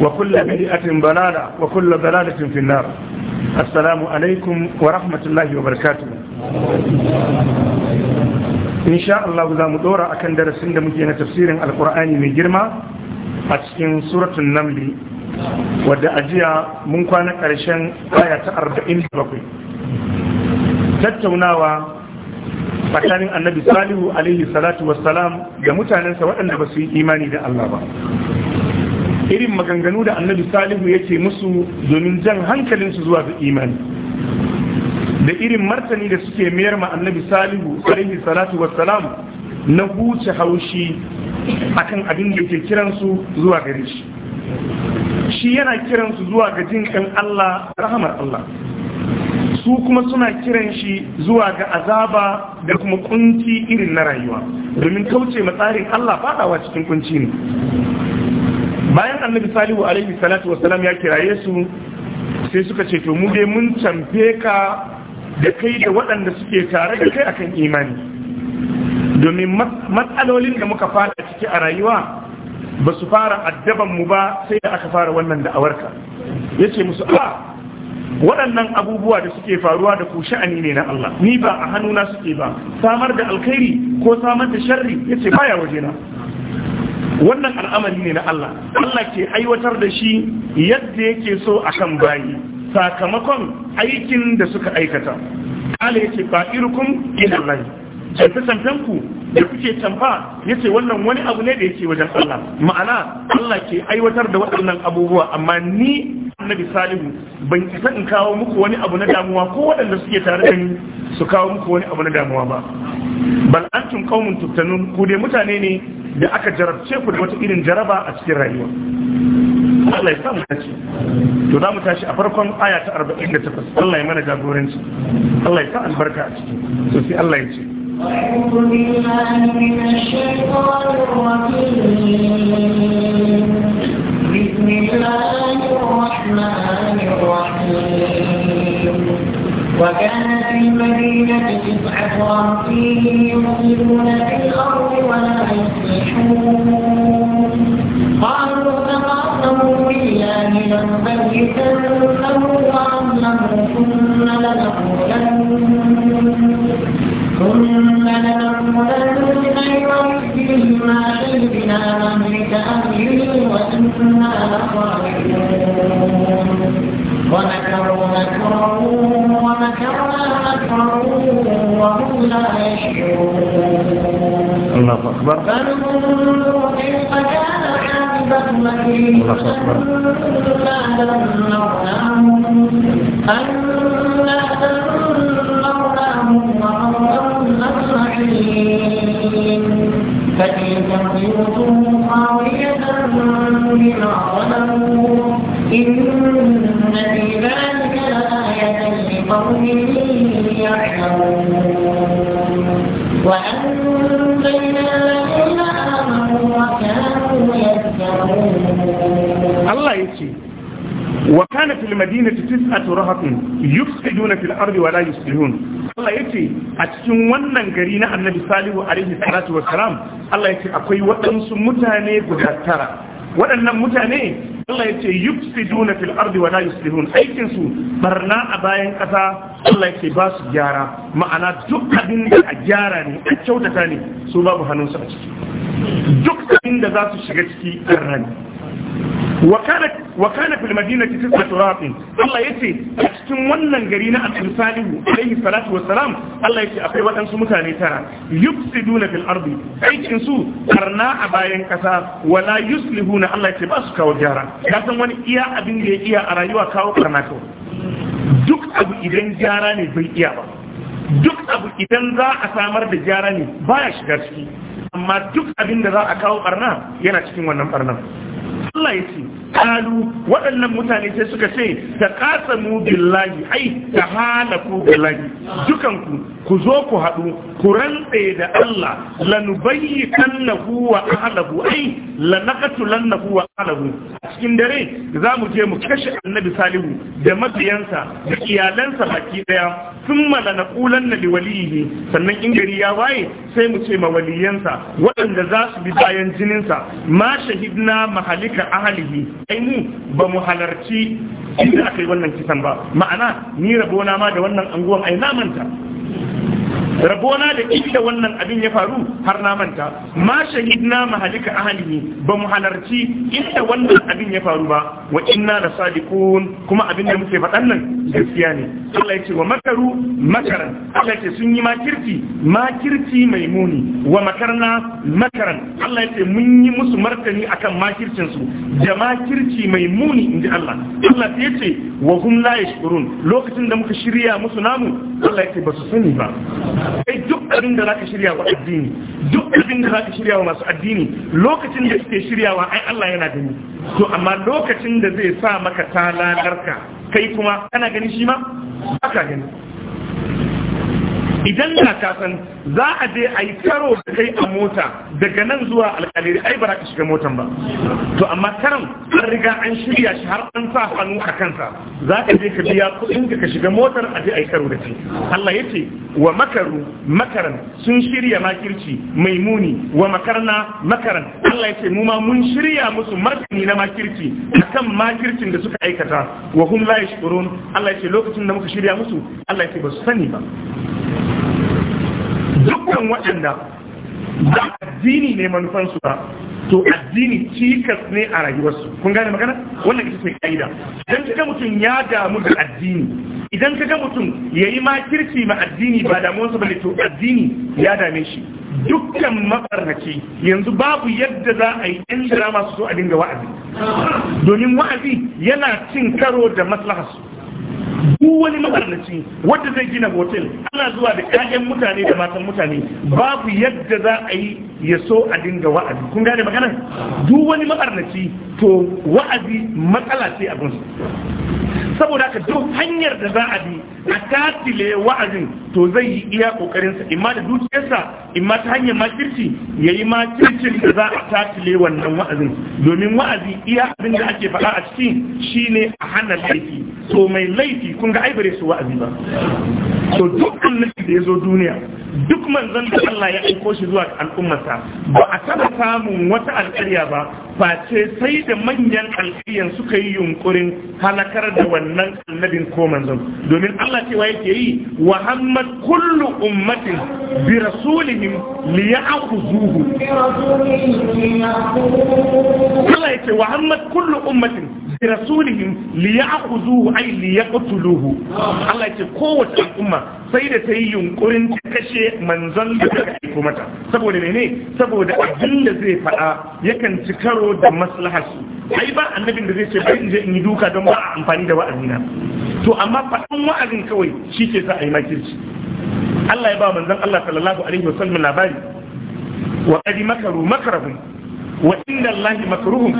وكل بدئة ضلالة وكل ضلالة في النار السلام عليكم ورحمة الله وبركاته إن شاء الله ذا مدورة أكن na tafsirin تفسير القرآن من a cikin سورة النمل wadda ajiya mun kwana ƙarshen aya ta 47 tattaunawa tsakanin annabi salihu alaihi salatu wassalam da mutanensa waɗanda ba su yi imani da Allah ba irin maganganu da annabi salihu yake musu domin jan hankalinsu zuwa ga imani da irin martani da suke mayar ma annabi salihu alaihi salatu wassalam na huce haushi akan abin da yake kiransu zuwa gare shi shi yana kiransu zuwa ga jin kan Allah rahamar Allah su kuma suna kiran shi zuwa ga azaba da kuma kunci irin na rayuwa domin kauce ma tsarin Allah fadawa cikin kunci ne bayan annabi salihu alaihi salatu wasalam ya kiraye su sai suka ce to mu dai mun camfe ka da kai da waɗanda suke tare da kai akan imani domin matsalolin da muka fara ciki a rayuwa ba su fara addaban mu ba sai da aka fara wannan da'awarka ya ce musu a ah, waɗannan abubuwa da suke faruwa da ku sha'ani ne na Allah ni ba a hannuna suke ba samar da alkhairi ko samar da sharri ya ce baya wajena wannan al'amari ne na Allah Allah ke aiwatar da shi yadda yake so akan bayi sakamakon aikin da suka aikata kala yace ba irukum ilallahi tafi tamfanku da kuke tamfa yace wannan wani abu ne da yake wajen Allah ma'ana Allah ke aiwatar da waɗannan abubuwa amma ni annabi salihu ban isa in kawo muku wani abu na damuwa ko waɗanda suke tare da ni su kawo muku wani abu na damuwa ba bal antum qaumun tuftanun ku dai mutane ne da aka jarabce ku da wata irin jaraba a cikin rayuwa Allah ya samu dace to za mu tashi a farkon aya ta 48 Allah ya mana jagoranci Allah ya sa albarka a ciki to sai Allah ya ce بسم الله الرحمن الرحيم وكان المدينة تسعة أمثيل يرسلون في الأرض ولا يصلحون قالوا تقاسموا بالله لنبيتنه وأهله ثم لنقولن ثم لنقولن لربه ما شهدنا مملك أهله وإنا لصالحون ومكروا مكرا الله أكبر الله أكبر fil madinati tis'atu rahatun yufsiduna fil ardi wa la yuslihun Allah yace a cikin wannan gari na Annabi Salihu alaihi salatu wassalam Allah akwai waɗansu mutane guda tara waɗannan mutane Allah yace yufsiduna fil ardi wa la yuslihun aikin su barna a bayan ƙasa Allah yace ba su gyara ma'ana duk abin a gyara ne a kyautata ne su babu hannunsu a ciki duk abin da za su shiga ciki ƙarrani wa kana fil madinati tisbatu raqin Allah yace a cikin wannan gari na al Salihu alayhi salatu salam, Allah yace akwai waɗansu mutane tara yufsiduna fil ardi aikin su karna a bayan kasa wala yuslihuna Allah yace ba su kawo gyara ka san wani iya abin da ya iya a rayuwa kawo karna kawai duk abu idan gyara ne bai iya ba duk abu idan za a samar da gyara ne baya shiga ciki amma duk abin da za a kawo barna yana cikin wannan barnan Allah kalu waɗannan mutane sai suka ce ta kasa mu billahi ai ta halaku billahi dukanku ku zo ku haɗu ku rantse da Allah lanubayyi kannahu wa ahlahu ai lanaqatulannahu wa ahlahu cikin dare za mu je mu kashe annabi salihu da mabiyansa da iyalansa baki ɗaya daya thumma lanaqulanna liwalihi sannan in gari ya waye sai mu ce ma waliyansa waɗanda za su bi bayan jininsa ma shahidna mahalika ahlihi ai ba mu halarci inda aka yi wannan kisan ba ma'ana ni rabona ma da wannan anguwan ai namanta rabona da inda wannan abin ya faru har na manta ma shahidna mahalika ne ba mu halarci inda wannan abin ya faru ba wa inna la sadiqun kuma abin da muke faɗan nan gaskiya ne Allah ya ce wa makaru makaran Allah ya ce sun yi makirci makirci mai muni wa makarna makaran Allah ya ce mun yi musu martani akan makircin su da makirci mai muni inda Allah Allah ya ce wa hum la yashkurun lokacin da muka shirya musu namu Allah ya ce ba su sani ba kai duk abin da zaka shirya wa addini duk abin da zaka shirya wa masu addini lokacin da yake shiryawa ai Allah yana gani to amma lokacin da zai sa maka talalarka kai kuma kana gani shi ma baka gani idan da kasan, za a je a yi karo da kai a mota daga nan zuwa alkaliri ai ba za ka shiga motan ba to amma karan an riga an shirya shi har an sa hannu a kansa za ka je ka biya kuɗin ka shiga motar a je a yi karo da kai Allah ya ce wa makaru makaran sun shirya makirci mai muni wa makarna makaran Allah ya ce mu ma mun shirya musu martani na makirci akan makircin da suka aikata wa hum la yashkurun Allah ya ce lokacin da muka shirya musu Allah ya ce ba su sani ba dukkan waɗanda da addini ne manufansu ba to addini cikas ne a rayuwarsu kun gane magana wannan ita ce ka'ida idan ga mutum ya damu da addini idan ka ga mutum ya yi makirci ma addini ba damuwarsa ba ne to addini ya dame shi dukkan mabarnaci yanzu babu yadda za a yi yan jira masu so a dinga wa'azi domin wa'azi yana cin karo da maslaharsu duk wani mabarnaci wanda zai gina hotel ana zuwa da ƴaƴan mutane da matan mutane babu yadda za a yi ya so a dinga wa'azi kun gane magana duk wani mabarnaci to wa'azi matsala ce abin saboda haka duk hanyar da za a bi a tatile wa'azin to zai yi iya kokarinsa imma da dukiyarsa imma ta hanyar makirci ya yi makircin da za a tatile wannan wa'azin domin wa'azi iya abin da ake faɗa a ciki shine a hana laifi to mai laifi kun ga aibare su wa'azi ba so duk annabi da ya zo duniya duk manzon da Allah ya aiko shi zuwa al'ummarsa ba a taɓa samun wata alƙarya ba ba ce sai da manyan alƙaryan suka yi yunkurin halakar da wannan annabin ko manzon domin Allah cewa yake yi wa hammad kullu ummatin bi rasulihim li ya'khuzuhu Allah yake wa hammad kullu ummatin rasulihim li ya'khudhuhu ai li yaqtuluhu Allah ce kowace al'umma sai da ta yi yunkurin ta kashe manzon da ta aiko mata saboda mene saboda abin da zai faɗa yakan ci karo da maslahar su ai ba annabin da zai ce bari in je in yi duka don ba a amfani da na. to amma faɗan wa'azin kawai shi ke sa a yi makirci Allah ya ba manzon Allah sallallahu alaihi wasallam labari wa qad makaru makarahum wa inda Allah makruhum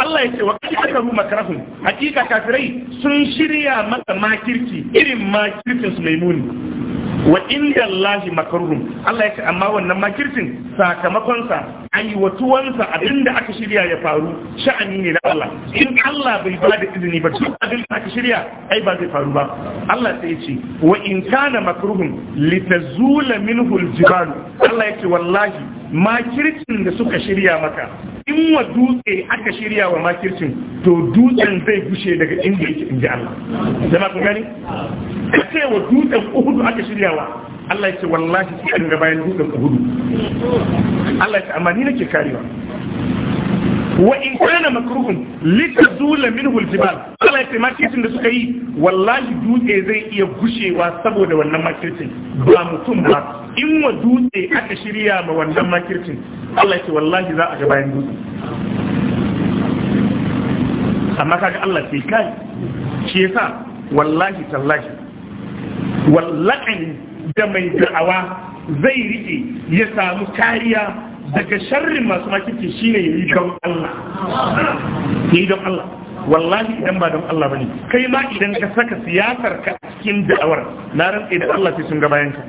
Allah ya ce wa kakaru makarahum hakika kafirai sun shirya masa makirci irin makircin su mai muni wa inda Allah makarrum Allah ya ce amma wannan makircin sakamakonsa aiwatuwansa abinda aka shirya ya faru sha'ani ne na Allah in Allah bai ba da izini ba duk abin da aka shirya ai ba zai faru ba Allah sai ya ce wa in kana makruhun litazula minhu aljibal Allah ya ce wallahi makircin da suka shirya maka in wa dutse aka shirya wa makircin to dutsen zai gushe daga inda yake inji Allah jama ku gani ka ce wa dutsen uhudu aka shirya wa Allah ya ce wallahi sai an ga bayan dutsen uhudu Allah ya ce amma ni nake karewa wa in kana makruhun litazula minhu aljibal ce makircin da suka yi wallahi dutse zai iya gushewa saboda wannan makircin ba mutum ba in wa dutse aka shirya ma wannan makircin Allah ce wallahi za a ga bayan dutse amma kaga Allah sai kai shi yasa wallahi tallahi wallahi da mai da'awa zai rike ya samu kariya daga sharrin masu makirci shine ya don Allah ya yi don Allah wallahi idan ba don Allah bane kai ma idan ka saka siyasar ka cikin da'awar na rantsa da Allah sai sun ga bayan ka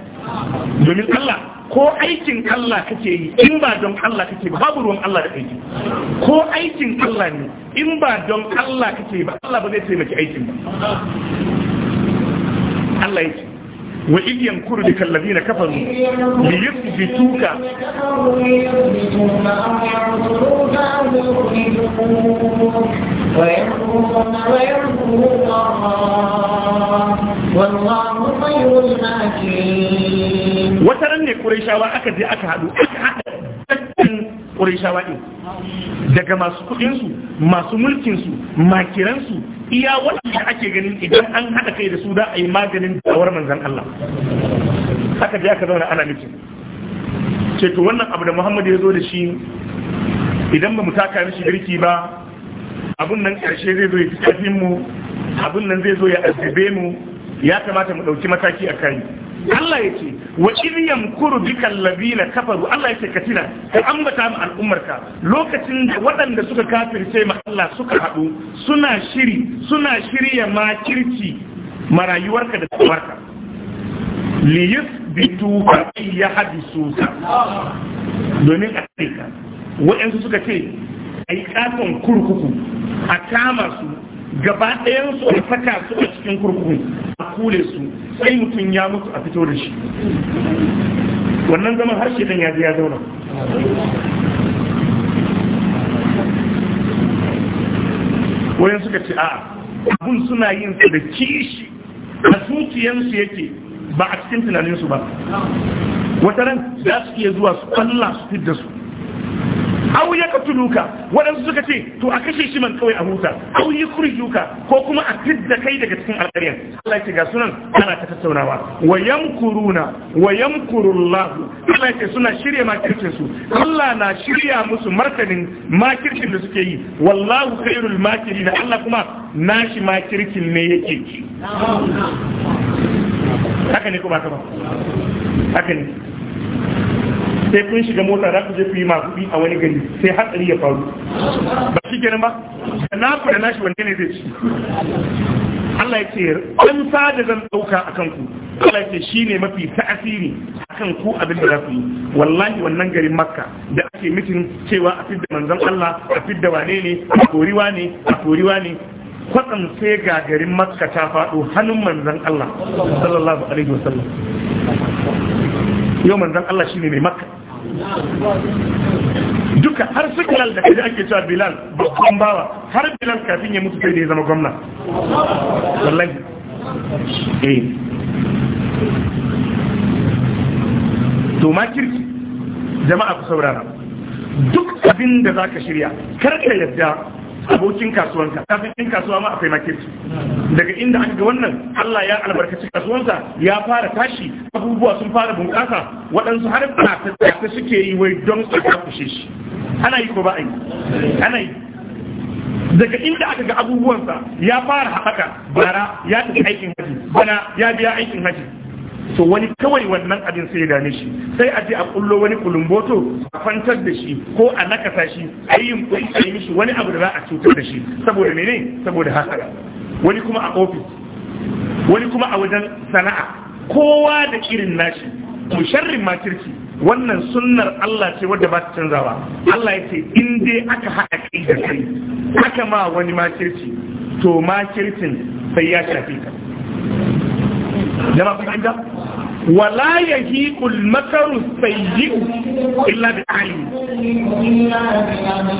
domin Allah ko aikin Allah kake yi in ba don Allah kake ba babu ruwan Allah da aiki ko aikin Allah ne in ba don Allah kake ba Allah ba zai taimaki aikin ba Allah yake wa idiyan kuru da kallabi na kafaru da ya fi tuka wata ran ne kuraishawa aka je aka haɗu aka haɗa ƙurishawa ɗin daga masu kuɗinsu masu mulkinsu makiransu iya wanda ake ganin idan an haɗa kai da su da a yi maganin dawar manzan Allah haka da aka zauna ana nufin ce to wannan abu da Muhammad ya zo da shi idan ba mu taka mishi girki ba abun nan ƙarshe zai zo ya fi mu abun nan zai zo ya azube mu ya kamata mu ɗauki mataki a kai Allah ya ce wa iryam kuru bika allazina kafaru Allah yake katina ka ambata mu al'ummarka lokacin da waɗanda suka kafirce ma Allah suka haɗu suna shiri suna shirya makirci marayuwarka da tsawarka li yusbitu ka ya hadisu ka domin a kai ka waɗansu suka ce ai kafin kurkuku a kama su gaba ɗayan su a saka su a cikin kurkuku a kule su sai mutum ya mutu a fito da shi wannan zaman harshe ɗan ya ya zauna wayan suka ce a'a abun suna yin su da kishi a zuciyansu yake ba a cikin tunaninsu ba wata ran za su iya zuwa su kwalla su fidda su aw ya katuluka waɗansu suka ce to a kashe shi man kawai a huta aw ya kurjuka ko kuma a fidda kai daga cikin alƙaryar Allah ya ga sunan ana ta tattaunawa wa yamkuruna wa yamkurullahu Allah ya ce suna shirya makircin su Allah na shirya musu martanin makircin da suke yi wallahu khairul makirin Allah kuma nashi makircin ne yake haka ne ko ba ka ba haka ne sai kun shiga mota za ku je ku yi maguɗi a wani gari sai hatsari ya faru ba shi kenan ba da na ku da nashi wanne ne zai ci Allah ya ce an da zan ɗauka a kanku Allah ya ce shi ne mafi ta'asiri a kan ku abin da za ku yi wallahi wannan garin makka da ake mitin cewa a fidda manzon Allah a fidda wane ne a koriwa ne a koriwa ne kwatsam sai ga garin makka ta faɗo hannun manzon Allah sallallahu alaihi wasallam yau manzan Allah shi ne mai maka duka har su kalal da kaji ake cewa bilal ba babban bawa har bilal kafin ya mutu sai da ya zama gwamna wallahi eh to kirki jama'a ku saurara duk abin da za ka shirya ka yadda abokin kasuwanka kafin in kasuwa ma akwai makirci daga inda aka ga wannan Allah ya albarkaci kasuwansa ya fara tashi abubuwa sun fara bunƙasa waɗansu har ta suke yi wai don su kushe shi ana yi ko ba a yi ana yi daga inda aka ga abubuwansa ya fara haɓaka bara ya tafi aikin haji bana ya biya aikin haji to wani kawai wannan abin sai ya dame shi sai a je a kullo wani kulumboto a kwantar da shi ko a nakasa shi a yi mishi wani abu da za a cutar da shi saboda mene saboda hasara wani kuma a ofis wani kuma a wajen sana'a kowa da irin nashi musharrin makirci wannan sunnar Allah ce wadda ba ta canzawa Allah ya ce in dai aka haɗa kai da kai haka ma wani makirci to makircin sai ya shafi ka jama kun fahimta wala yahiqu al-makaru sayyi'u illa bi ahli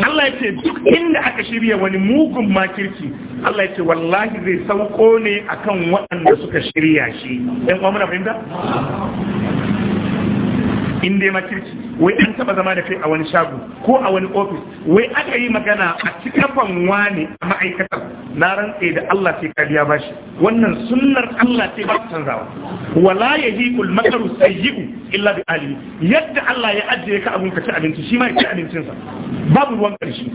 Allah ce duk inda aka shirya wani mugun makirci Allah ya ce wallahi zai sauko ne akan waɗanda suka shirya shi ɗan uwa muna fahimta in dai makirci wai an taba zama da kai a wani shago ko a wani ofis wai aka yi magana a cikin wani a ma'aikatar na rantse da Allah sai kariya bashi wannan sunnar Allah sai ba canzawa wala yahiqul makaru sayyi'u illa bi ali yadda Allah ya ajiye ka abun ka ci abinci shi ma ya ci abincinsa babu ruwan karshe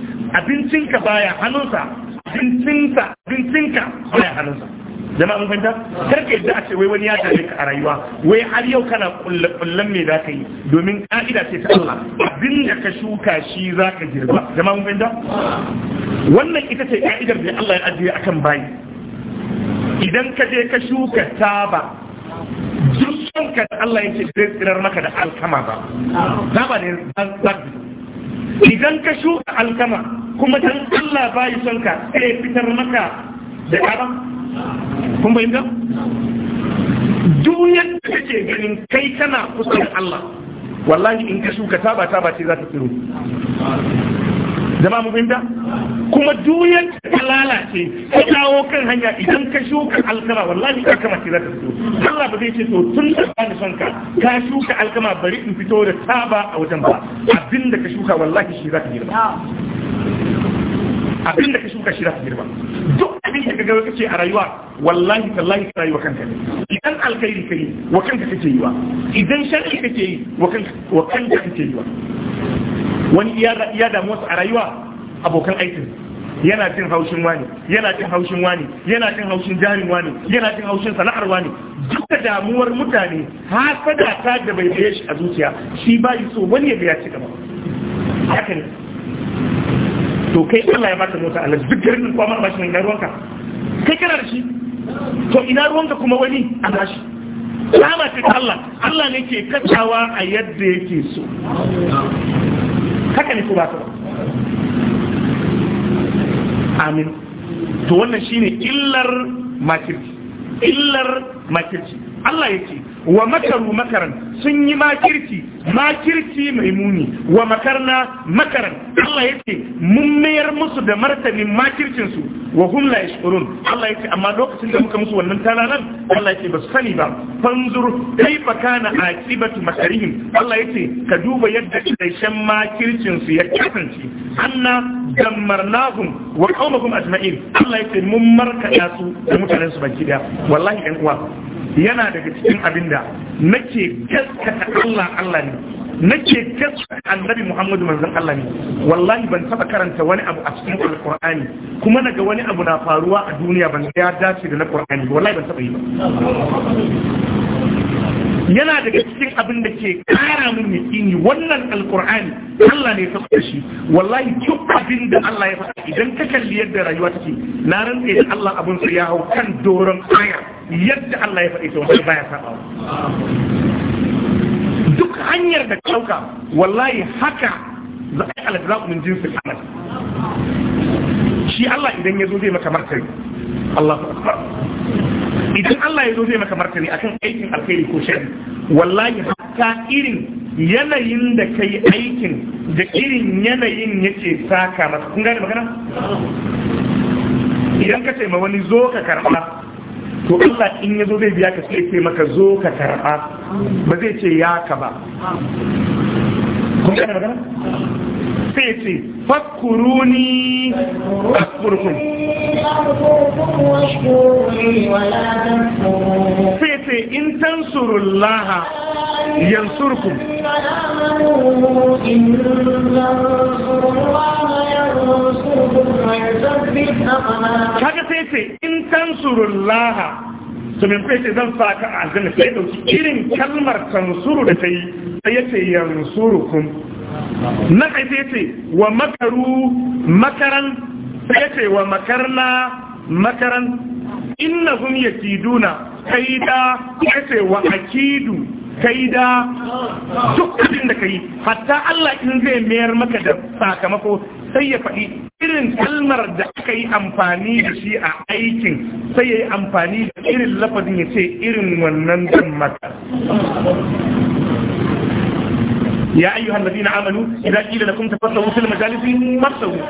abincinka baya hannunsa abincinsa abincinka baya hannunsa jama'a mun fahimta kar ka yadda a ce wai wani ya dame ka a rayuwa wai har yau kana kullan me za ka yi domin ka'ida ce ta Allah abin da ka shuka shi za ka girba jama'a mun fahimta wannan ita ce ka'idar da Allah ya ajiye akan bayi idan ka je ka shuka taba duk ka da Allah ya ce zai tsirar maka da alkama ba taba ne zan idan ka shuka alkama kuma dan Allah bai son ka sai fitar maka da ƙara kun fahimta duk yadda kake ganin kai kana kusa da Allah wallahi in ka shuka taba taba ce za ta tsiro jama'a mu fahimta kuma duk ta ka lalace ka dawo kan hanya idan ka shuka alkama wallahi alkama ce za ta fito Allah ba zai ce to tun da ba ni son ka ka shuka alkama bari in fito da taba a wajen ba abinda ka shuka wallahi shi za ka girba abinda ka shuka shi za ta girba ga kace a rayuwa wallahi tallahi ka rayuwa kanka ne idan alkhairi kai wa kanka kake yiwa? idan sharri kake yi wa kanka wa kanka kake yiwa? wani iya iya da musu a rayuwa abokan aikin yana cin haushin wani yana cin haushin wani yana jin haushin jarin wani yana cin haushin sana'ar wani duk da damuwar mutane hasada ta da bai baye shi a zuciya shi bai so wani ya biya ci gaba haka ne to kai Allah ya baka mota Allah duk garin kwamar bashin garuwanka kai kira da shi to ina ruwanka kuma wani a bashi rahama ce ta Allah Allah ne ke kacawa a yadda yake so haka ne ku ba ta amin to wannan shine illar makirci illar makirci Allah yake wa makaru makaran sun yi makirci makirci mai muni wa makarna makaran Allah ya ce mun mayar musu da martanin makircinsu wa hum la yashkurun Allah ya ce amma lokacin da muka musu wannan talalan Allah ya ce ba su sani ba fanzur kaifa kana aqibatu makarihim Allah ya ce ka duba yadda karshen makircinsu ya kasance anna dammarnahum wa qaumahum ajma'in Allah ya ce mun markada su da mutanen su baki daya wallahi ɗan uwa yana daga cikin abinda nake gaskata Allah Allah ne nake gaskata annabi Muhammadu manzon Allah ne wallahi ban taba karanta wani abu a cikin alqur'ani kuma naga wani abu na faruwa a duniya ban ya dace da na qur'ani wallahi ban taba yi ba yana daga cikin abin da ke kara min yaƙini wannan alkur'ani Allah ne ya da shi wallahi duk abin da Allah ya faɗa idan ka kalli yadda rayuwa take na rantse da Allah abin su ya hau kan doron aya yadda Allah ya faɗi ta wani baya saba duk hanyar da ka ɗauka wallahi haka za a yi alzaku min jinsin amal shi Allah idan ya zo zai maka martani Allah idan Allah ya zo zai maka martani akan aikin alkhairi ko shari wallahi hatta irin yanayin da kai aikin da irin yanayin yake saka masa kun gane magana idan ka taimaka wani zo ka karɓa to Allah in ya zo zai biya ka sai ce maka zo ka karɓa ba zai ce ya ka ba kun gane magana sai fakuruni fakkuruni askurkum sai ce in tansurullaha yansurkum kaga sai ce in tansurullaha su min sai zan zan ka a aljanna sai dauki irin kalmar tansuru da ta yi sai ya ce na sai ce wa makaru makaran sai ce wa makarna makaran innahum yakiduna kaida sai ce wa akidu kaida duk abin da kai hatta Allah in zai mayar maka da sakamako sai ya faɗi irin kalmar da aka yi amfani da shi a aikin sai ya yi amfani da irin lafazin ya ce irin wannan don maka يا أيها الذين آمنوا إذا قيل لكم تفضلوا في ya فاسووا.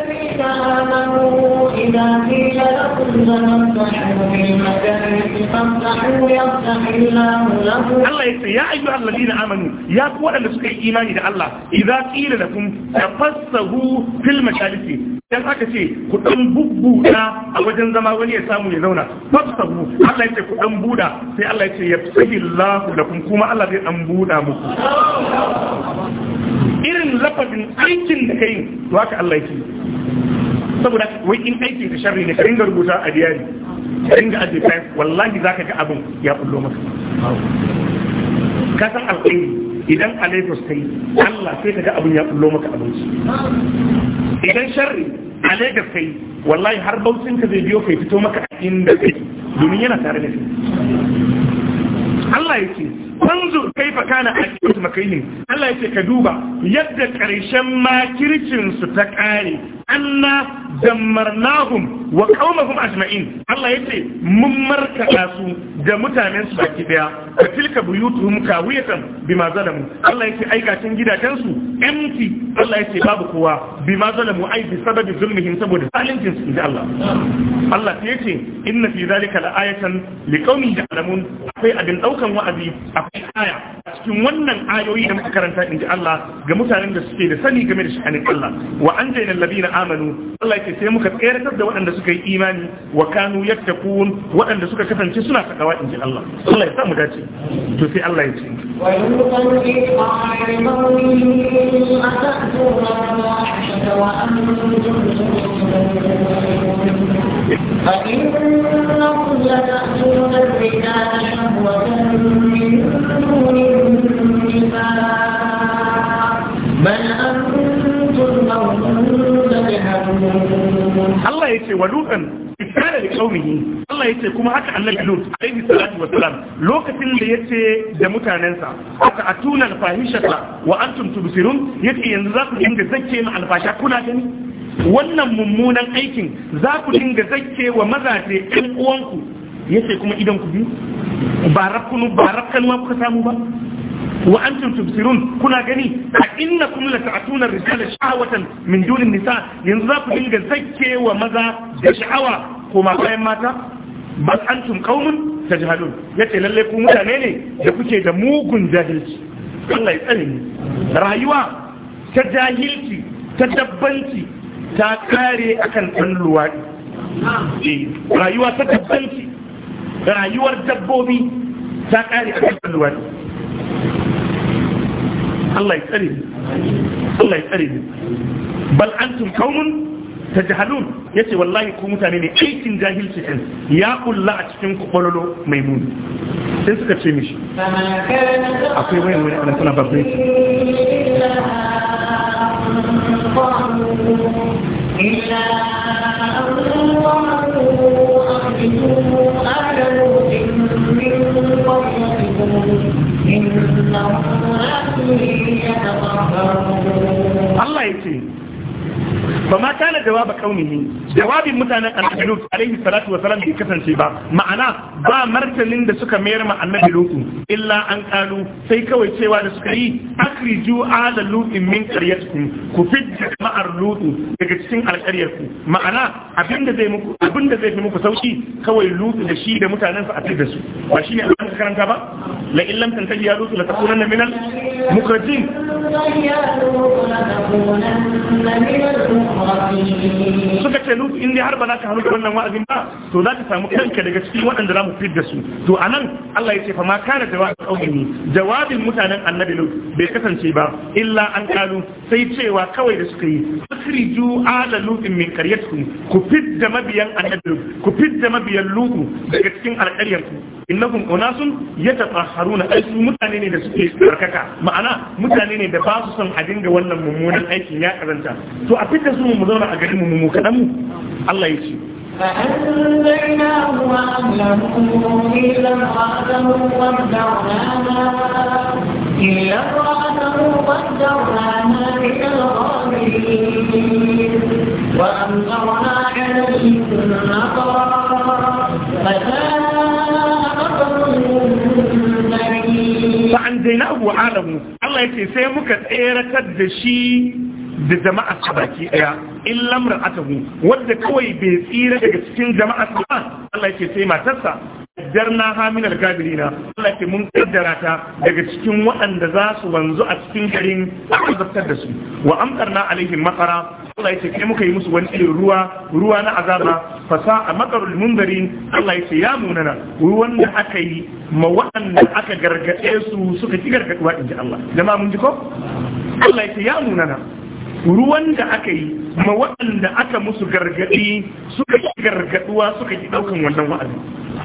الله يقول يا أيها الذين آمنوا يا قوة لسكي إيماني ده الله إذا قيل لكم تفضلوا في المجالس dan aka ce kuɗin dan bubbuda a wajen zama wani ya samu ya zauna fasabu Allah ya ce ku dan sai Allah ya ce yafsihillahu lakum kuma Allah zai dan buda muku irin lafazin aikin da kai to haka Allah yake saboda wai in aikin ka sharri ne ka ringa rubuta a diyari ka ringa ajiye kayan wallahi zaka ga abin ya bullo maka ka san alƙairi idan alaikos kai Allah sai ka ga abin ya bullo maka abinci idan sharri alaikos kai wallahi har bautin ka zai biyo kai fito maka inda kai domin yana tare da kai Allah ya ce fanzur kai fa kana akiyatu makaihim Allah ya ce ka duba yadda karshen makircin su ta kare anna dammarnahum wa qaumahum ajma'in Allah ya ce mun markada su da mutanen su baki daya ka tilka buyutuhum kawiyatan bima zalamu Allah yake aikacin gidajen su empty Allah yake babu kowa bima zalamu ai bi sababi zulmihim saboda zalincin su inda Allah Allah ta yace inna fi zalika la'ayatan liqaumin ya'lamun akwai abin daukan wa'azi akwai aya cikin wannan ayoyi da muka karanta ji Allah ga mutanen da suke da sani game da sha'anin Allah wa anjayna alladhina amanu Allah yake sai muka tsere da waɗanda suka yi imani wa kanu yattaqun waɗanda suka kasance suna takawa in ji Allah Allah ya samu dace to sai Allah ya ce Allah ya ce wa lutan isara da kaumihi Allah ya ce kuma haka annabi lut alaihi salatu wa salam lokacin da yace da mutanensa aka atuna alfahishata wa antum tubsirun yace yanzu za ku dinga zakke mu alfasha kuna gani wannan mummunan aikin za ku dinga zakke wa mazaje ɗan uwanku yace kuma idan ku bi ba rakunu ba rakkanuwa kuka samu ba wa antum tubsirun kuna gani a innakum lata'tuna ar-rijala shahwatan min duni nisa yanzu za ku dinga wa maza da sha'awa ko kuma bayan mata bal antum qaumun tajhalun yace lalle ku mutane ne da kuke da mugun jahilci Allah ya tsare ni rayuwa ta jahilci ta dabbanci ta kare akan dan luwadi eh, rayuwa ta dabbanci rayuwar dabbobi ta kare akan dan luwadi الله يسألني الله يسألهم بل أنتم قوم تجهلون يتي والله يكون متانيني ايكين جاهل سيئن يا الله أتفهم قولوا ميمون تنسى كفشي مش Allah ya ce ba ma kana jawaba kaumihi jawabin mutanen annabi lut alaihi salatu wa salam bai kasance ba ma'ana ba martanin da suka mayar ma annabi lut illa an kalu sai kawai cewa da suka yi akhriju ala lut min qaryatikum ku fidda ma'ar lut daga cikin alƙaryarku ma'ana abinda zai muku abinda zai fi muku sauki kawai lut da shi da mutanensa a fidda su ba shine karanta ba la illam tantahi ya lutu la takunanna minal mukratin suka ce lutu in dai har ba za ka hannu da wannan wa'azin ba to za ka samu kanka daga cikin waɗanda za mu fit da su to a nan? Allah ya ce fa ma kana jawabin qaumihi jawabin mutanen annabi lut bai kasance ba illa an kalu sai cewa kawai da suka yi akhriju ala lutin min qaryatikum ku fit da mabiyan annabi ku fit da mabiyan lutu daga cikin alƙaryarku innahum unasun yatatsahharuna ai su mutane ne da suke tsarkaka ma'ana mutane ne da ba su son a dinga wannan mummunan aikin ya karanta to a fitar su mu zauna a garin mu mu kadan mu Allah ya ce فأنجيناه وأهله إلا امرأته قدرناها إلا امرأته قدرناها من الغابرين وأمطرنا عليهم مطرا wa an na abu haramu Allah ya ce sai muka tseratar da shi da jama'a ta baki ɗaya. in lamar atahu wadda kawai bai tsira daga cikin jama'a ba Allah ya ce sai matarsa jarna haminal kabirina Allah ya ce mun kaddara ta daga cikin waɗanda za su wanzu a cikin garin azabtar da su wa na alaihim makara Allah ya ce kai muka yi musu wani irin ruwa ruwa na azaba fasa a makarul munzari Allah ya ce ya munana wanda aka yi ma waɗanda aka gargaɗe su suka ki gargaɗuwa in ji Allah jama'a mun ji ko Allah ya ce ya munana ruwan da aka yi ma waɗanda aka musu gargaɗi suka ki gargaɗuwa suka ki ɗaukan wannan wa'azi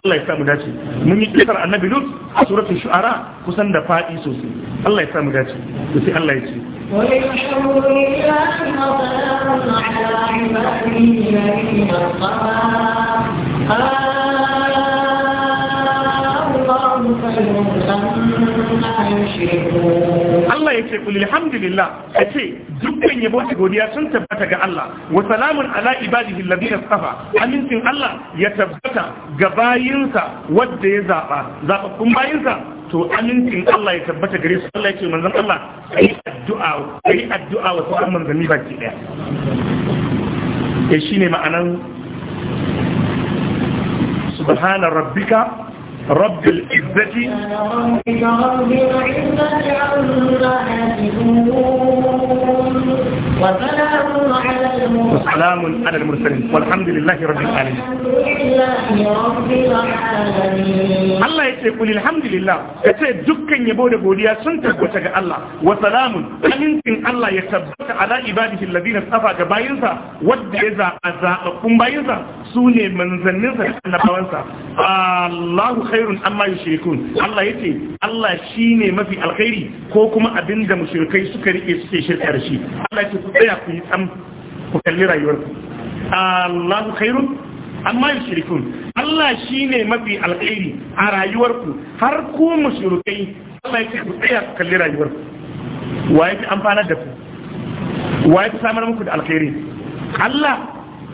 Allah ya samu dace mun yi kisar annabi Lut a suratul shu'ara kusan da faɗi sosai Allah ya samu dace to sai Allah ya ce والحمد لله وسلام على عباده الذين اصطفى Allah ya ce kulil alhamdulillah, a ce dukkan yabo da godiya sun tabbata ga Allah wa salamun ala ibadihi alladhina safa amincin Allah ya tabbata ga bayinsa wanda ya zaba kun bayinsa to amincin Allah ya tabbata gare su Allah ya ce manzon Allah yi addu'a kai addu'a wa sauran manzanni baki daya eh shine ma'anan subhana rabbika رب العزة وسلام على المرسلين والحمد لله رب العالمين Allah ya ce kulil hamdulillah ya ce dukkan yabo da godiya sun tabbata ga Allah wa salamun amincin Allah ya tabbata ala ibadihi alladhina safa ga bayinsa wadda ya zaɓa zaɓaɓɓun bayinsa su ne manzanninsa da annabawansa Allahu khairun amma yushrikun Allah yace Allah shine mafi alkhairi ko kuma abinda mushrikai suka rike suke shirka da shi Allah yace ku tsaya ku yi tsam ku kalli rayuwarku Allahu khairun amma yushrikun Allah shine mafi alkhairi a rayuwarku har ku mushrikai Allah yace ku tsaya ku kalli rayuwarku wa yafi amfana da ku wa yafi samar muku da alkhairi Allah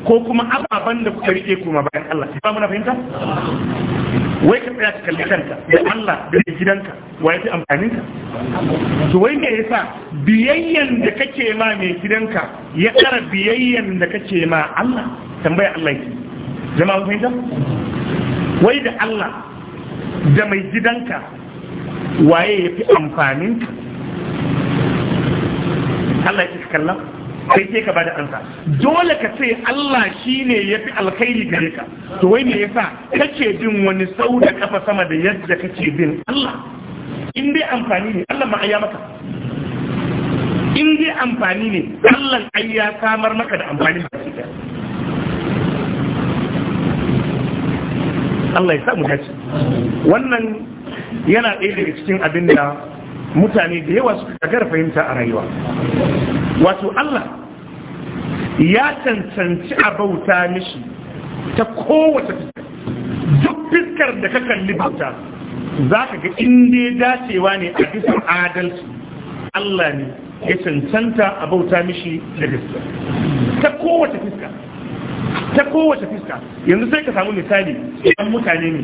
ko kuma ababen da kuka rike kuma bayan Allah ba muna fahimta wai ka tsaya ka kalli kanka da Allah da gidanka wa yafi amfanin ka to wai me yasa biyayyan da kake ma mai gidanka ya tsara biyayyan da kake ma Allah tambaya Allah ki jama'a mun fahimta wai da Allah da mai gidanka waye yafi amfanin ka Allah ya kalla kai sai ka bada ansa dole ka ce Allah shine yafi alkhairi gare ka to wai me yasa kake jin wani sau da kafa sama da yadda kake bin Allah in dai amfani ne Allah ma aya maka in dai amfani ne Allah ai ya samar maka da amfani ba shi Allah ya samu dace wannan yana ɗaya daga cikin abin da mutane da yawa suka gara fahimta a rayuwa wato Allah ya cancanci a bauta mishi ta kowace duk fiskar da ka kalli bauta za ka ga inda dacewa ne a bisa adalci Allah ne ya cancanta a bauta mishi da gaskiya ta kowace fiska ta kowace fiska yanzu sai ka samu misali ɗan mutane ne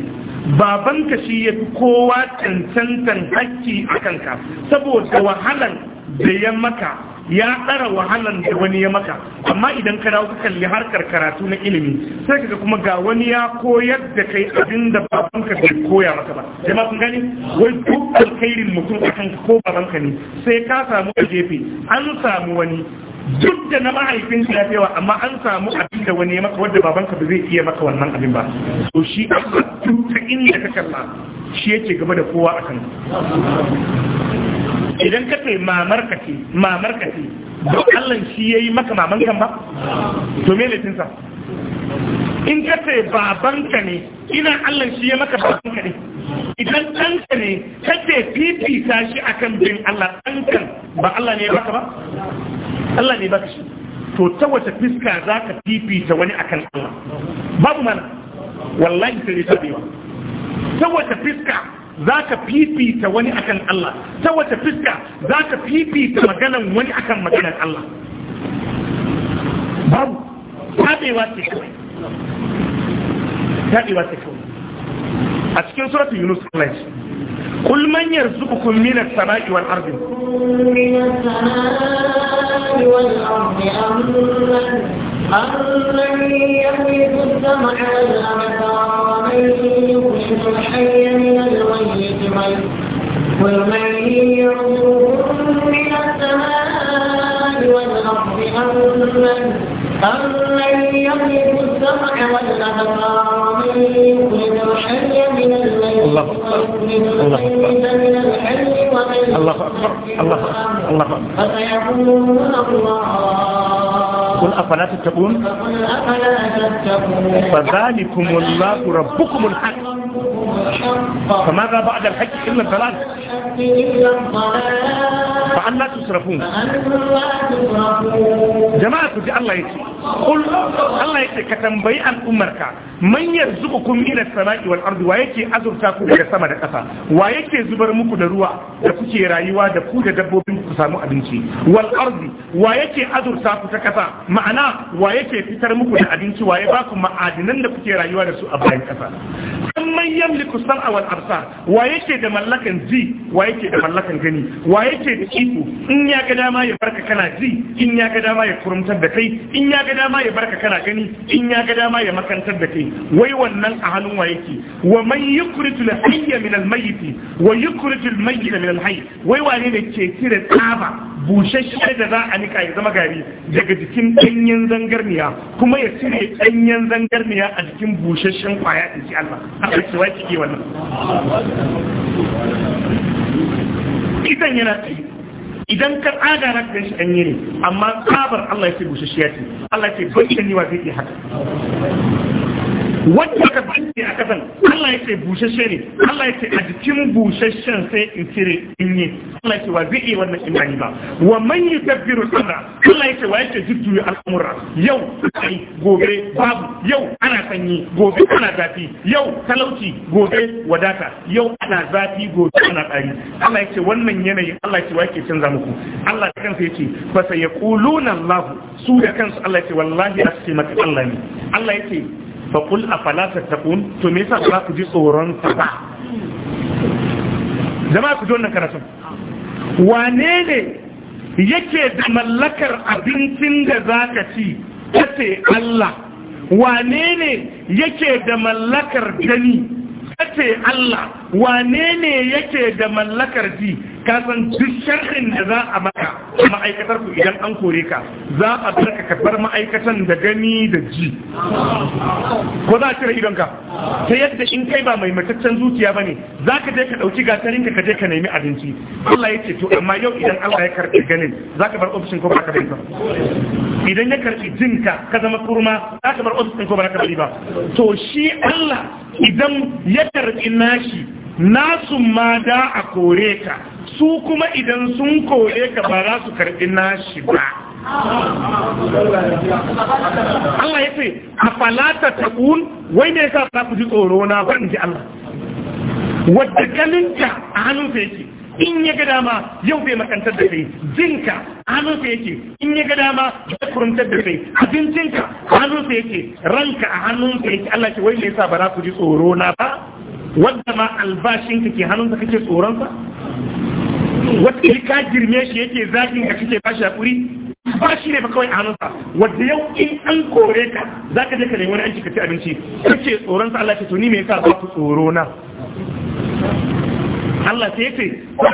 babanka shi ya fi kowa cancantan hakki a kanka saboda wahalan da ya maka ya tsara wahalan da wani ya maka amma idan ka dawo ka kalli harkar karatu na ilimi sai kaga kuma ga wani ya koyar da kai abin da babanka bai koya maka ba jama kun gani wai duk alkhairin mutum a kanka ko babanka ne sai ka samu a gefe an samu wani duk da na mahaifin ya yawa amma an samu abin da wani maka wadda babanka ba zai iya maka wannan abin ba to shi Allah duk ta inda ka kalla shi yake gaba da kowa a kan idan ka ce mamar ka ce mamar ka ce ba Allah shi yayi maka maman kan ba to me ne tinsa in ka ce babanka ne ina Allah shi ya maka babanka ne idan ɗanka ne ka ce fifita shi akan bin Allah ɗankan ba Allah ne ya maka ba Allah ne baka shi to ta wace fiska za ka fifita wani akan Allah babu mana wallahi sai ta biwa ta wace fiska za ka fifita wani akan Allah ta wace fiska za ka fifita maganan wani akan maganan Allah babu ta tabewa ce kawai tabewa ce kawai a cikin suratul yunus Allah قل من يرزقكم من السماء والأرض من السماء السماوات والأرض أمن أمن يملك السمع والأبصار ومن يخرج الحي من الميت ومن يرزقكم من السماء والأرض أمن أمن يملك السمع والأبصار من يخرج الحي من الميت الله أكبر الله أكبر الله أكبر الله أكبر فسيقولون الله قل أفلا تتقون فذلكم الله ربكم الحق فماذا بعد الحج إلا الضلال لا تصرفون جماعة الله يتي قل الله يتي كتنبيئا أمرك man yarzuqukum kun as-sama'i wal ardi wa yake azurta ku daga sama da kasa wa yake zubar muku da ruwa da kuke rayuwa da ku da dabbobin ku samu abinci wal ardi wa yake azurta ku ta ƙasa ma'ana wa yake fitar muku da abinci wa ya baku ma'adinan da kuke rayuwa da su a bayan ƙasa man yamliku sam'a wal absar wa yake da mallakan ji wa yake da mallakan gani wa yake da iko in ya ga dama ya barka kana ji in ya ga dama ya kurumtar da kai in ya ga dama ya barka kana gani in ya ga dama ya makantar da kai wai wannan a hannun wa yake wa man yukritu al hayya min al mayyit wa yukritu al mayyit min al hayy wai wane ne ke kira tsaba bushashshe da za a nika ya zama gari daga jikin danyen zangarniya kuma ya cire danyen zangarniya a jikin bushashshen kwaya in ji Allah haka ce wai kike wannan idan yana tsaye idan ka tsaga na kan shi ɗanye ne amma tsabar Allah ya ce bushashiya ce Allah ya ce bakin ni wa zai iya haka wanda ka binne a kasan Allah ya ce bushashe ne Allah ya ce a jikin bushashen sai in cire in yi Allah ya ce wa zai iya wannan imani ba wa man yi tabbiru sana Allah ya ce wa ce jujjuya al'amura yau ai gobe babu yau ana sanyi gobe ana zafi yau talauci gobe wadata yau ana zafi gobe ana tsari Allah ya ce wannan yanayi Allah ya ce wa yake canza muku Allah da kansa ya ce fa sayaquluna Allah su da kansu Allah ya ce wallahi aslimaka Allah ne Allah ya ce fa qul afala tattaqun to me yasa ba ku ji tsoron sa ba jama'a ku ji wannan karatun wane ne yake da mallakar abincin da za ka ci kace Allah wane ne yake da mallakar gani kace Allah wane ne yake da mallakar ji ka san duk sharhin da za a maka ma'aikatar ku idan an kore ka za a bar ka bar ma'aikatan da gani da ji ko za a cire idon ka ta yadda in kai ba mai mataccen zuciya bane za ka je ka dauki gatarin ka je ka nemi abinci Allah ya ce to amma yau idan Allah ya karbi ganin za ka bar ofishin ko ba ka bari ba idan ya karbi jinka ka zama kurma za ka bar ofishin ko ba ka bari ba to shi Allah idan ya karbi nashi nasu ma da a kore ka su kuma idan sun kore ka ba za su karɓi nashi ba Allah ya ce a falata ƙun wai ne ka za ku ji tsoro na ba ji Allah wadda ganinka a sa yake in ya gada ma yau bai makantar da kai jinka sa yake in ya gada ma ya kurantar da kai abincinka sa yake ranka a sa yake Allah ce wai me yasa ba za ku ji tsoro na ba wadda ma albashinka ke hannunsa kake tsoronsa wadda ka girme shi yake zagin ka kake bashi hakuri ba shi ne ba kawai a hannunsa wadda yau in an kore ka za ka je ka nemi wani aiki ka ci abinci kake tsoronsa Allah ce to ni me yasa ba ku tsoro na Allah sai ce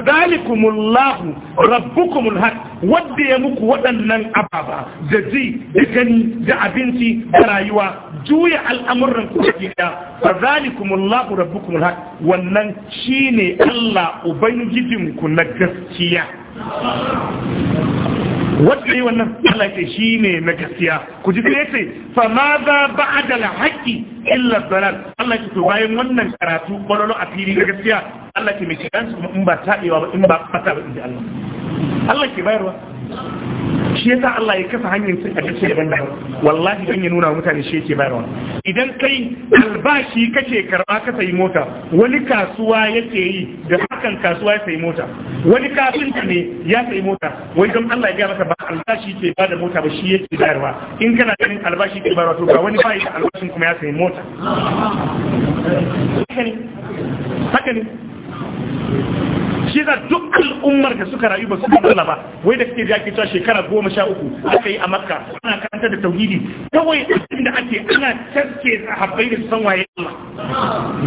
zalikumullahu rabbukumul haq wadda ya muku waɗannan ababa da ji da gani da abinci da rayuwa juya al'amuran ku da gida fa da rabbukumul haq wannan shi ne Allah ubangijin ku na gaskiya wanda yi wannan Allah ce ne na gaskiya ku ji sai yace fa ma za ba a al-haqqi illa dalal Allah ce to bayan wannan karatu bololo a fili na gaskiya Allah ce mai kiran su kuma in ba tabewa ba in ba fata ba inji Allah Allah ke bayarwa shi yasa Allah ya kasa hanyar sun kace daban daban wallahi dan ya nuna mutane shi yake bayarwa idan kai albashi kake karba ka sayi mota wani kasuwa yake yi da hakan kasuwa ya sayi mota wani kafinta ne ya sayi mota wai don Allah ya ga maka ba albashi ke bada mota ba shi yake bayarwa in kana ganin albashi ke bayarwa to ga wani bai da albashin kuma ya sayi mota haka ne haka ne shi da duk al'ummar da suka rayu ba su Allah ba wai da suke jaki ta shekara goma sha uku aka yi a makka ana karanta da tauhidi kawai da ake ana taske sahabbai da san waye Allah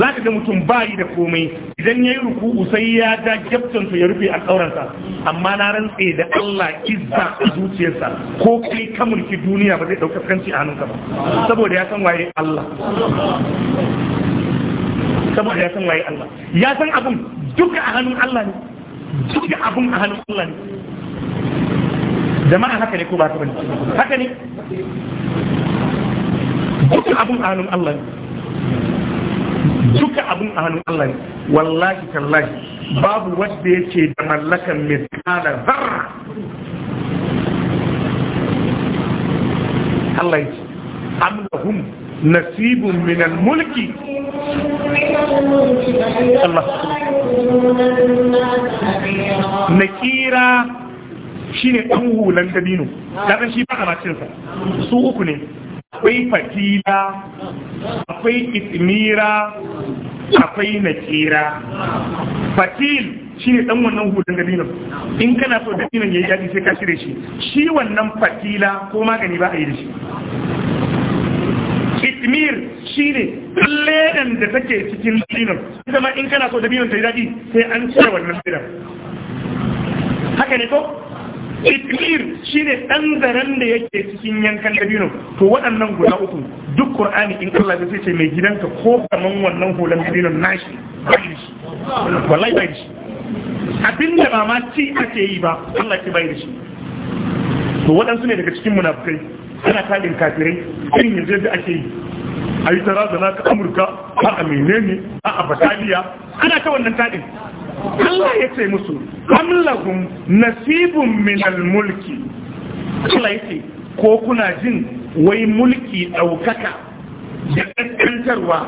za ka ga mutum yi da komai idan ya yi ruku'u sai ya da gyaftansa ya rufe a alƙawarsa amma na rantse da Allah izza a zuciyarsa ko kai ka mulki duniya ba zai ɗauka kanci a hannunka ba saboda ya san waye Allah saboda ya san waye Allah ya san abin duka a hannun Allah ne duka abun a hannun Allah ne jama'a haka ne ko ba ta bane haka ne duka abun a hannun Allah ne duka abun a hannun Allah ne wallahi tallahi babu wanda yake da mallakan misalar zarra Allah ya ce am lahum nasibun min al-mulki Allah nakira shine ɗan hulan dabino kasan shi ba a sa, su uku ne akwai fatila akwai ismira akwai nakira fatil shi ne dan wannan hulan dabino, in kana so dabinan ya yi daɗi sai ka shirya shi shi wannan fatila ko magani ba a yi da shi ismir ne ledan da take cikin dinar zama in kana so dabino ta yi daɗi sai an cire wannan ledan haka ne ko ikir shine dan zaren da yake cikin yankan dabino to waɗannan guda uku duk qur'ani in Allah zai ce mai gidanka ko kamar wannan hulan dabino nashi bai wallahi bai shi abin da ba ma ci ake yi ba Allah ki bai shi to waɗansu ne daga cikin munafukai ana taɗin kafirai irin yanzu yadda ake yi a yi tara da naka amurka a amine ne a abataliya ana ta wannan taɗin Allah ya ce musu amlahum nasibun min mulki Allah ya ce ko kuna jin wai mulki ɗaukaka da ƙasƙantarwa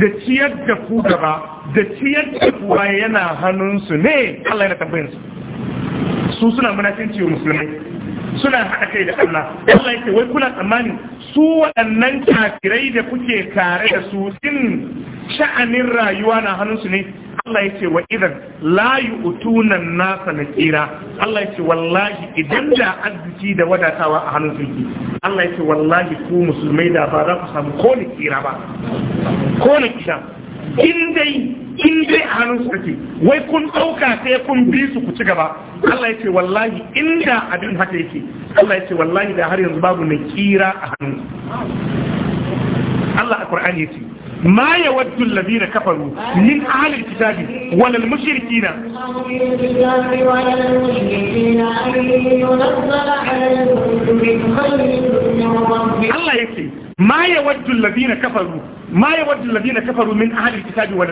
da ciyar da ku gaba da ciyar da ku yana hannunsu ne Allah ya tambayinsu su suna munafinci wa musulmai suna haɗa kai da Allah Allah yake wai kuna tsammani su waɗannan kafirai da kuke tare da su din sha'anin rayuwa na hannunsu ne Allah ya ce wa idan la yu'tunan nasa nakira Allah ya ce wallahi idan da arziki da wadatawa a hannun sulki Allah ya ce wallahi ku musulmai da ba za ku samu ko nakira ba ko nakira in dai in dai a hannun su kake wai kun ɗauka sai kun bi su ku ci gaba Allah ya ce wallahi inda abin haka yake Allah ya ce wallahi da har yanzu babu na kira a hannun Allah a Qur'ani ya ce ما يود الذين كفروا من أهل الكتاب ولا Allah ya ce. ma yawaddu alladhina kafaru ma yawaddu alladhina kafaru min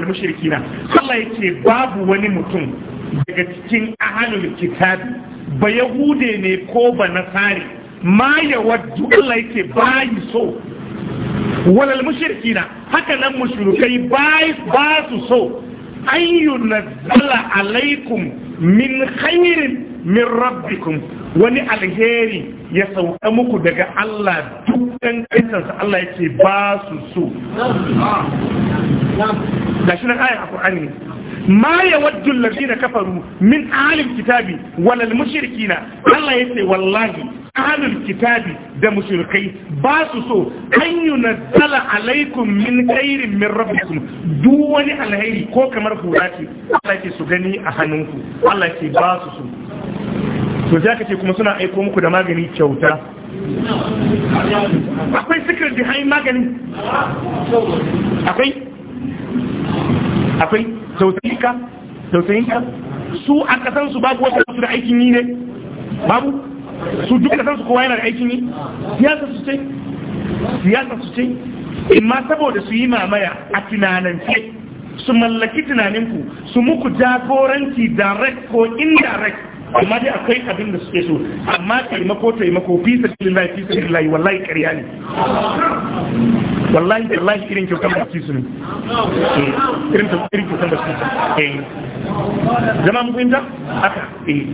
mushrikina Allah yake babu wani mutum daga cikin ahli kitabi. ba yahude ne ko ba nasari ma yawaddu Allah yake bayi so wal mushrikina haka nan mushrikai bayi ba su so an yunazzala alaikum min hairi min rabbikum wani alheri ya sauka muku daga Allah duk ɗan ƙaisansa Allah ya ce ba su so. Da shi nan aya a Ƙur'ani ma ya waddun lafi da kafaru min alil kitabi walal mushrikina Allah ya ce wallahi ahlul kitabi da mushrikai ba su so an yunazzala alaikum min kairin min rabbikum duk wani alheri ko kamar kura ce Allah ce su gani a hannunku Allah ce ba su so to sai aka ce kuma suna aiko muku da magani kyauta akwai sikir behind magani. akwai akwai tausayinka tausayinka su a kasansu su babu wata su da aikin yi ne babu su duk kasansu su kowa yana da aikin yi siyasa su ce siyasa su ce imma saboda su yi mamaya a tunanance su mallaki tunaninku su muku jagoranci direct ko indirect amma dai akwai abin da suke so amma taimako taimako fi sabilillahi fi sabilillahi wallahi ƙarya ne wallahi wallahi irin kyautar baki su ne eh, irin irin kyautan baki eh jama mu fahimta aka eh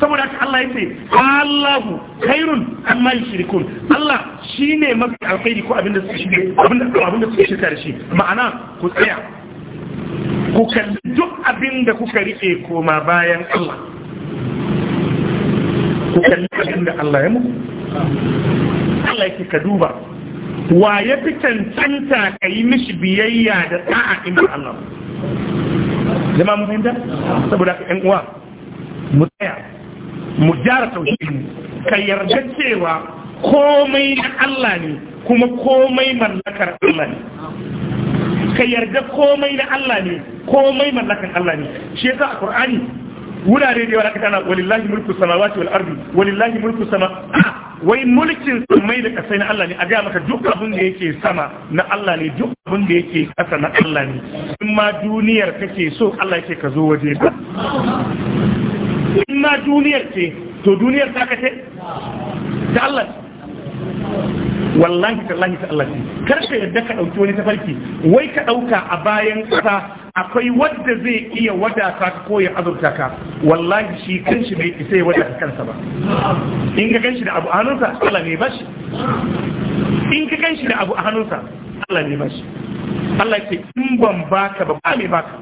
saboda haka Allah yace Allahu khairun amma yushrikun Allah shine mafi alkhairi ko abinda suke shirye abinda abinda suke shirka da shi ma'ana ku tsaya ku kalli duk abinda kuka rike koma bayan Allah ku kalli abin da Allah ya Allah yake ka duba wa ya fi tanta ka yi mishi biyayya da ta'a in Allah jama mu fahimta saboda ka yan uwa mu tsaya mu jara tauhidi ka yarda cewa komai na Allah ne kuma komai mallakar Allah ne ka yarda komai na Allah ne komai mallakan Allah ne shi yasa a Qur'ani wurare da yawa aka tana walillahi mulku samawati wal ardi walillahi mulku sama ah, wai mulkin samai da kasai na Allah ne a ga maka duk abin da yake sama na Allah ne duk abin da yake kasa na Allah ne in ma duniyar kake so Allah yake ka zo waje ka in ma duniyar ce to duniyar ta ka ce da Allah wallahi tallahi ta Allah kar ka yadda ka dauki wani tafarki wai ka dauka a bayan kasa akwai wadda zai iya wadata ko ya azurta ka wallahi shi kanshi bai isa ya wadata kansa ba in ka ganshi da abu a hannunsa Allah ne ba shi in ka ganshi da abu a hannunsa Allah ne ba shi Allah ce in ban baka ba ba ne baka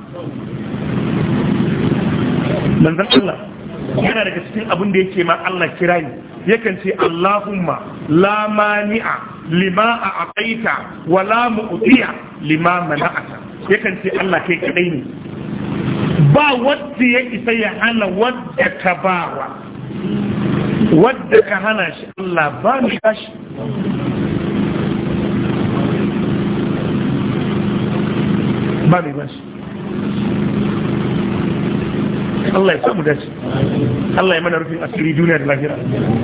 manzon Allah yana daga cikin abin da yake ma Allah kira ni yakan ce Allahumma la mani'a lima a aqaita wa la mu'tiya lima mana'ata yakan ce Allah kai kadai ne ba wanda ya isa ya hana wanda ka bawa wanda ka hana shi Allah ba mu kashi ba mu bashi Allah ya samu dace Allah ya mana rufin asiri duniya da lafiya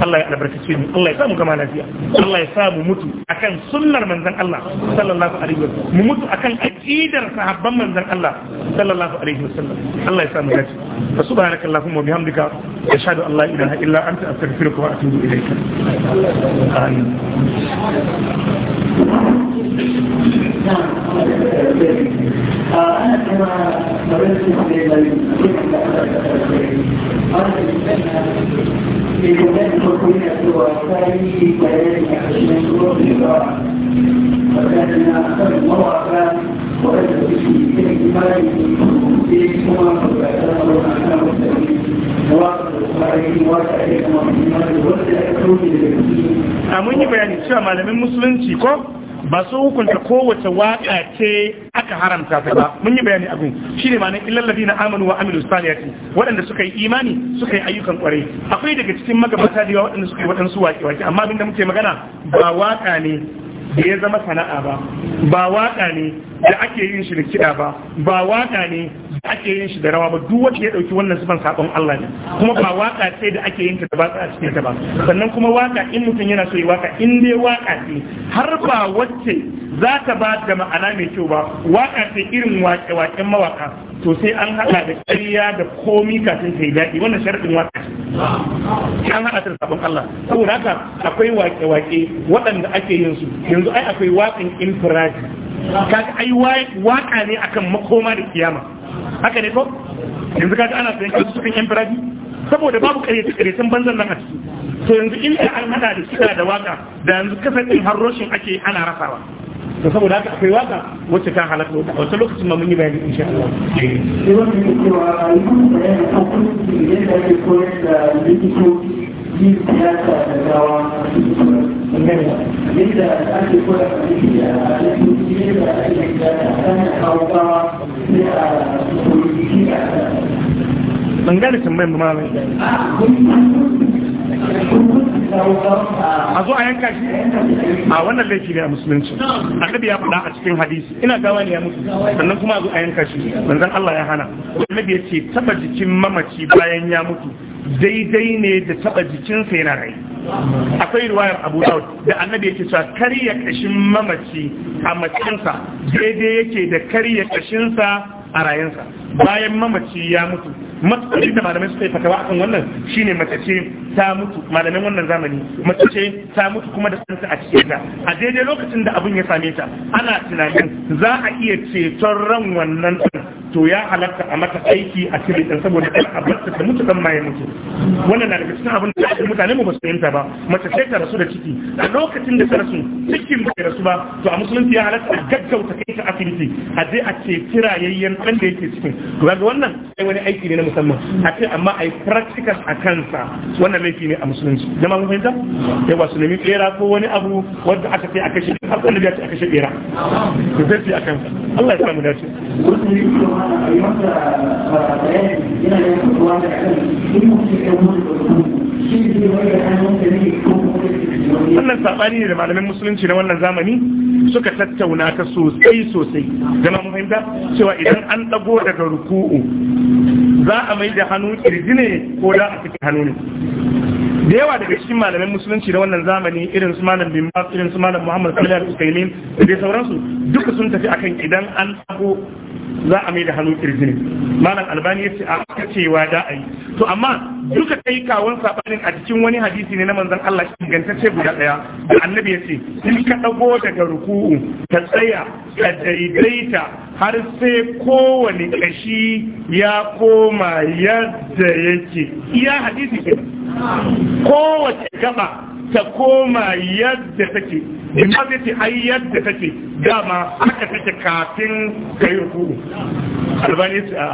Allah ya albarkace mu Allah ya samu gama lafiya Allah ya samu mutu akan sunnar manzon Allah sallallahu alaihi wasallam mu mutu akan aqidar sahabban manzon Allah sallallahu alaihi wasallam Allah ya samu dace fa subhanakallahu wa bihamdika ashhadu an la ilaha illa anta astaghfiruka wa atubu ilaik amin نعم أنا كما مررت بالبلاد الحكومية وفاري بيان عشان نروح للقراءة فكان أكثر المواقع وأنت في كلمة في سماء a mun yi bayani cewa malamin musulunci ko ba su hukunta kowace waka ce aka haramta ta ba mun yi bayani abin shi ne ma'anar illallabi na amanu wa amilu saliyati waɗanda suka yi imani suka yi ayyukan kwarai akwai daga cikin magabata da waɗanda suka yi waɗansu waƙe-waƙe amma abin da muke magana ba waka ne da ya zama sana'a ba ba waka ne da ake yin shi da kiɗa ba ba waka ne da ake yin shi da rawa ba duk wanda ya dauki wannan sifan sakon Allah ne kuma ba waka sai da ake yin ta da ba a cikin ta ba sannan kuma waka in mutum yana so ya waka in dai waka ce har ba wacce za ta ba da ma'ana mai kyau ba waka sai irin wake waken mawaka to sai an haɗa da ƙarya da komi kafin ta yi daɗi wannan sharɗin waka ce an haɗa ta da sabon Allah saboda haka akwai wake-wake waɗanda ake yin su yanzu ai akwai waƙin infiradi. kaga ai waka ne akan makoma da kiyama haka ne ko yanzu kaga ana sayan kasu cikin yan saboda babu kare san banzan nan a ciki to yanzu inda an hada da kiɗa da waka da yanzu kasafin har roshin ake ana rasawa to saboda haka akwai waka wacce ta halaka wata a wata lokacin ma mun yi bayani insha Allah eh, sai wanda cewa ayyukan da ya koyar da likitoci yin siyasa da gawa yadda ake kula da ciki a cikin yadda ake siyasa kan kawo gawa sai a koyi ciki a ban gane tambayin ba a zo a yanka shi a wannan laifi ne a musulunci annabi ya faɗa a cikin hadisi ina gawa ne ya mutu sannan kuma a zo a yanka shi manzon Allah ya hana annabi ya ce taba jikin mamaci bayan ya mutu daidai ne da taba jikinsa yana rai akwai riwayar abu daud da annabi yake cewa karya kashin mamaci a matsinsa daidai yake da karya kashinsa a rayunsa bayan mamaci ya mutu matsalolin da malamai suka yi fatawa akan wannan shine mace ce ta mutu malamin wannan zamani mace ce ta mutu kuma da santa a cikin ta a daidai lokacin da abin ya same ta ana tunanin za a iya ceton ran wannan to ya halatta a mata aiki a cikin ɗan saboda a abarta ta mutu dan maye mutu wannan na daga cikin abin da su mutane mu ba su fahimta ba mace ce ta rasu da ciki a lokacin da ta rasu cikin bai rasu ba to a musulunci ya halatta a gaggauta kai ta asibiti a je a ce kirayayyen ɗan da yake cikin to kaga wannan sai wani aiki ne na musamman a ce amma ai practical a kansa wannan laifi ne a musulunci jama mun fahimta ba su nemi bera ko wani abu wanda aka ce aka shi har wanda ya ce aka shi bera to sai a kansa Allah ya samu dace yana da wannan saɓani ne da malamin musulunci na wannan zamani suka tattauna ta sosai sosai zama mu fahimta cewa idan an ɗago daga ruku'u za a mai da hannu kirji ne ko da a cikin hannu ne da yawa daga cikin malamin musulunci na wannan zamani irin su malam bin ba irin su malam muhammad sallallahu al wasallam da dai sauransu duka sun tafi akan idan an ɗago za a mai da hannu kirji ne malam albani ya ce a cewa da a yi to amma duka kai kawun sabanin a cikin wani hadisi ne na manzon Allah ingantacce guda daya da annabi ya ce in ka dago daga ruku'u ka tsaya ka daidaita har sai kowane kashi ya koma yadda yake iya hadisi ke kowace gaba ta koma yadda take in ba zai ce ai yadda take dama haka take kafin ka yi ruku'u albani a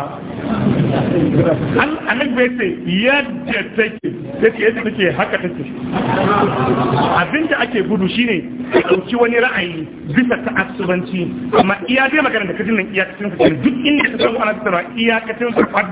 annabi ya ce yadda yadda take take yadda take haka take abinda ake gudu shine ka dauki wani ra'ayi bisa ta asubanci amma iya dai magana da kajin nan iyakacin sa duk inda ka samu ana tsara iyakacin sa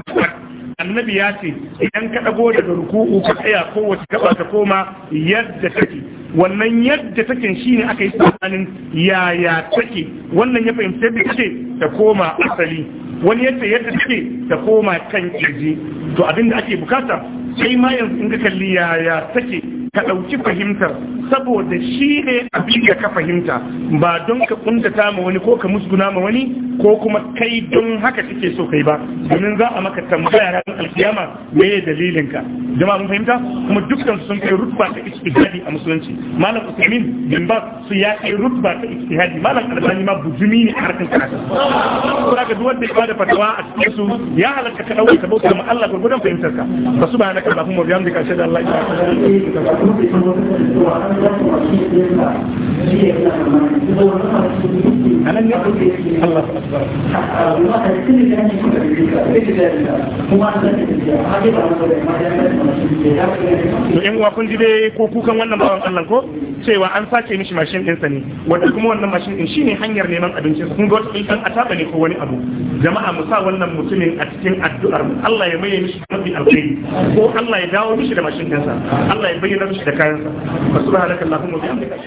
annabi ya ce idan ka dago daga ruku'u ka tsaya kowace gaba ta koma yadda take wannan yadda take shine aka yi tsakanin yaya take wannan ya fahimci yadda take ta koma asali wani yadda yadda take ta koma kan kirji to abinda ake bukata sai ma yanzu in ka kalli yaya take ka ɗauki fahimtar saboda shi ne abin da ka fahimta ba don ka kuntata ma wani ko ka musguna ma wani ko kuma kai don haka kake so kai ba domin za a maka tambaya ranar alkiyama me ya dalilin ka jama'a mun fahimta kuma dukkan sun kai rutba ta ijtihadi a musulunci malam usaimin bin ba su ya kai rutba ta ijtihadi malam albani ma bujumi ne a harkar karatu kuma ga duk ya bada fatawa a cikin su ya halatta ka ɗauka ka bauta ma Allah gurgudan fahimtar ka fa subhanaka allahumma wa bihamdika ashhadu an la da ka shaida Allah wa atubu muke kan a nan ne kuke shi Allah a kuka da da da an da a ba da kun ji ko kukan wannan bawan Allah ko cewa an sace mishi mashin ɗinsa ne wanda kuma wannan mashin ɗin shine hanyar neman abincin kun ga wata ɗin a ne ko wani abu jama'a mu sa wannan mutumin a cikin addu'ar Allah ya maye mishi mafi alkhairi ko Allah ya dawo mishi da mashin ɗinsa Allah ya bayyana da kayansa wasu ba halakar lafin mafi